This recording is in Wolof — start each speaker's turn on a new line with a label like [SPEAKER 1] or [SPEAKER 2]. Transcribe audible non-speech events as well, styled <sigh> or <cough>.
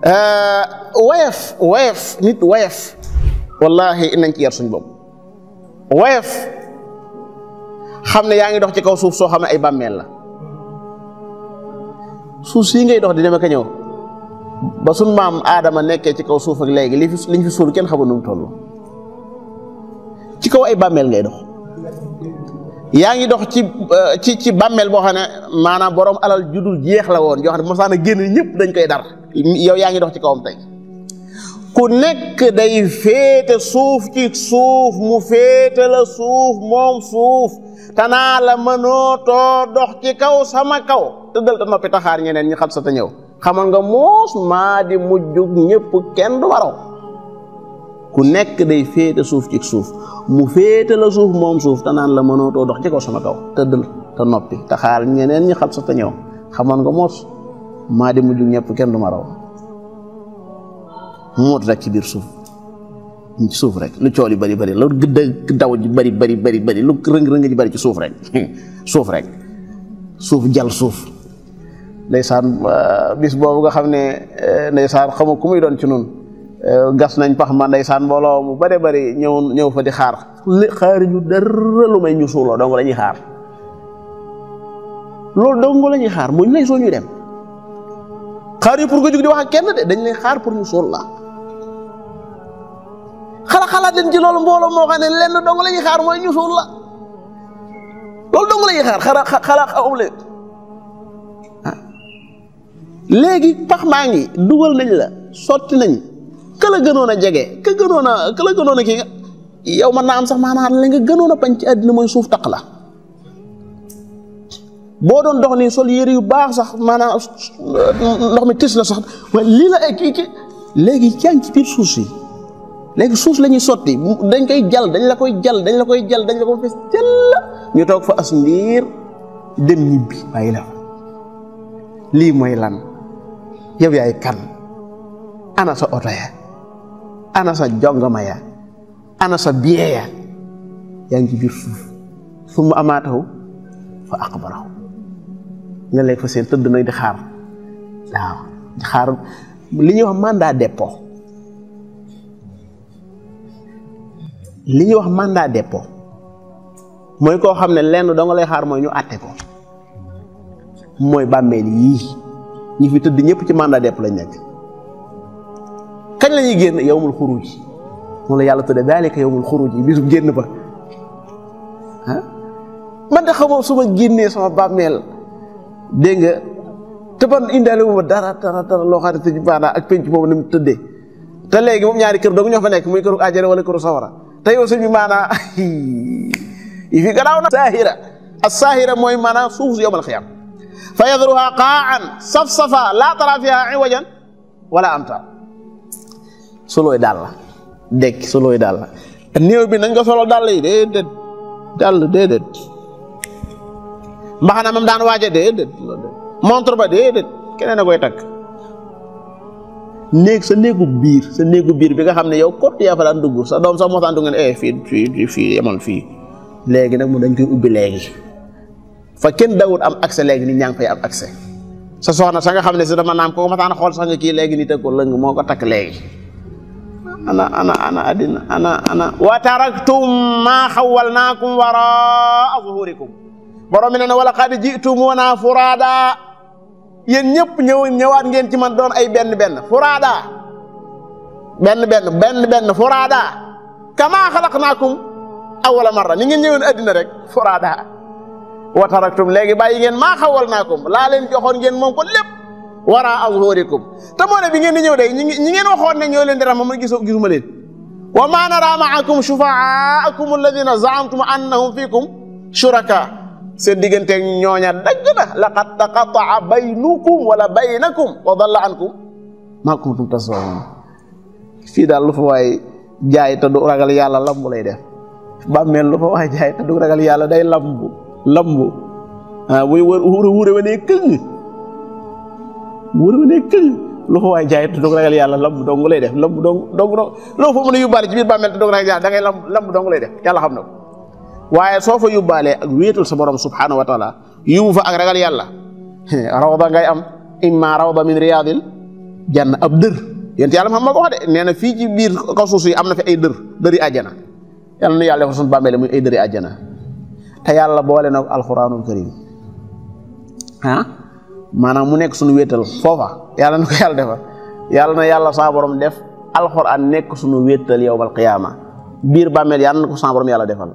[SPEAKER 1] Eh, woyef woyef nit woyef wallahi nañ ci yar suñ bopp woyef xam ne yaa ngi dox ci kaw suuf soo xam ne ay bàmmeel la suuf sii ngay dox di dem ak ñëw ba suñ maam aadama nekkee ci kaw suuf ak léegi li fi liñ fi suul kenn xamul nu mu ci kaw ay bàmmeel ngay dox yaa ngi dox ci eh, ci ci bàmmeel boo xam ne maanaam borom alal judul jeex la woon yoo xam ne mosaan a génn ñëpp dañ koy dar yow yaa ngi dox ci kawam tey ku nekk day féete suuf ci suuf mu féete la suuf moom suuf tanaa la mënoo dox ci kaw sama kaw tëddal ta noppi taxaar ñeneen ñi xam sa te ñëw xamal nga moos maa di mujjug ñëpp kenn du nekk day féete suuf suuf mu féete la suuf moom suuf te naan la mënootoo dox ci kaw sama kaw tëddal te noppi taxaar ñeneen ñi xam sa te ñëw xamoon nga moos ma di mujj ñep kenn duma raw mot rek ci bir suuf ci suuf rek lu bari bari lu gëdd daw ji bari bari bari bari lu reng reng ji bari ci suuf rek <laughs> suuf rek suuf jal suuf ndaysan bis bobu nga xamne eh, ndaysan xamu ku muy doon ci nun eh, gas nañ pax ma ndaysan mbooloo mu bari bari ñew ñew fa di xaar xaar ñu dara lu may ñu suulo dong la xaar lol dong xaar lay dem xaar yi pour nga jóg di wax ak kenn de dañ lay xaar pour ñu suul la xala xalaat leen ci loolu mbooloo moo xam ne lenn dong la ñuy xaar mooy ñu suul la loolu dong la ñuy xaar xala xala léegi pax maa ngi dugal nañ la sotti nañ ka la gënoon a jege ka gënoon a ka la gënoon a kii yow mën naa am sax maanaam la nga gënoon a bañ ci àddina mooy suuf taq la. boo doon dox nii sol yére yu baax sax maanaam ndox mi tis la sax lii la ay kii léegi yaa ngi ci biir suuf si léegi suuf lañuy ñuy sotti dañ koy jal dañ la koy jal dañ la koy jal dañ la koy fes jël ñu toog fa as ndiir dem ñibbi bàyyi la lii mooy lan yow yaay kan ana sa oto ya ana sa jongama ya ana sa biye yaa ngi ci biir suuf su mu amaataw fa aqbarahu nga lay fas seen tëdd nag di xaar waaw di xaar li ñuy wax mandat dépôt li ñuy wax mandat dépôt mooy koo xam ne lenn danga lay xaar mooy ñu àtte ko mooy bàmmeel yii ñu fi tëdd ñëpp ci mandat dépôt lañ nekk kañ la ñuy génn yawmul xuruj moom la yàlla tudde daalika yawmul xuruj yi bisub génn ba ah man de xamoo su ma génnee bàmmeel deng nga te bon indaale mo dara dara dara lo xari ne sëñ ak penc moom nim mu te legi mom ñaari keur dong ñofa nek muy keur aljana wala keur sawara te yow sëñ mana <laughs> ifi yi as sahira moy mana suuf khiyam fa yadhruha qaan saf safa tara fiha iwajan wala amta suloy dal la dekk suloy dal la bi nañ ko solo dàll yi déedéet dàll mbaxana mam daan waaja déedéet montre ba déedéet keneen a koy takk néeg sa néegu biir sa néegu biir bi nga xam ne yow kott yaa fa daan dugg sa doom sax moo daan dugg ngeen eh, fii fii fii yemal fii léegi nag mu dañ koy ubbi léegi fa kenn dawul am accès léegi ni ñaa ngi fay am accès sa soxna sa nga xam ne si dama naam ko ma xool sax nga kii léegi ni teg ko lëng moo ko takk léegi ana ana ana addina ana ana wa taraktum maa xawalnaakum waraa zuhurikum borom mi ne ne wala xaadi jitumuna furaada yéen ñëpp ñëw ñëwaat ngeen ci man doon ay benn benn furaada benn benn benn benn furaada kama xalaqnaakum awala marra ni ngeen ñëwoon addina rek furaada wa taraktum léegi bàyyi ngeen maa xawalnaakum laa leen joxoon ngeen moom ko lépp wara azhurikum te moo ne bi ngeen ñëw day ñi ñi ngeen waxoon ne ñoo leen di rama man gisu gisuma leen wa ma nara maakum shufaakum alladina zaamtum annahum fikum shuraka seen digganteeg ñooña dagg na laqad taqataa baynukum wala baynakum wa dalla ankum maa kuntum tasmaun fii daal lu fa waay jaay te du ragal yàlla lamb lay def bàmmeel lu fa waay jaay du ragal yàlla day lamb lamb ah buy wër wuure wane këng wuure wane këng lu fa lay def lamb dong dong loo fa mën a yóbbaale ci biir bàmmeel te du ragal yàlla da lamb lamb lay def yàlla xam na ko waye soo yubale yóbbaalee ak wetul sa borom subhanahu wa taala yiwu fa ak ragal yalla <laughs> rawda ngay am imma rawda min riyadil janna ab deur yent yalla xam mako wax de neena fi ci bir ko susu si na fi ay deur deuri aljana yalla nu yalla muy ay deuri aljana ta yalla na alquranul karim ha ah? manam mu nek sunu wetal fofa yalla na yalla defa yalla na yalla sa borom def alquran nek sunu wetal yowmal qiyamah bir bamel yalla na sa borom yalla defal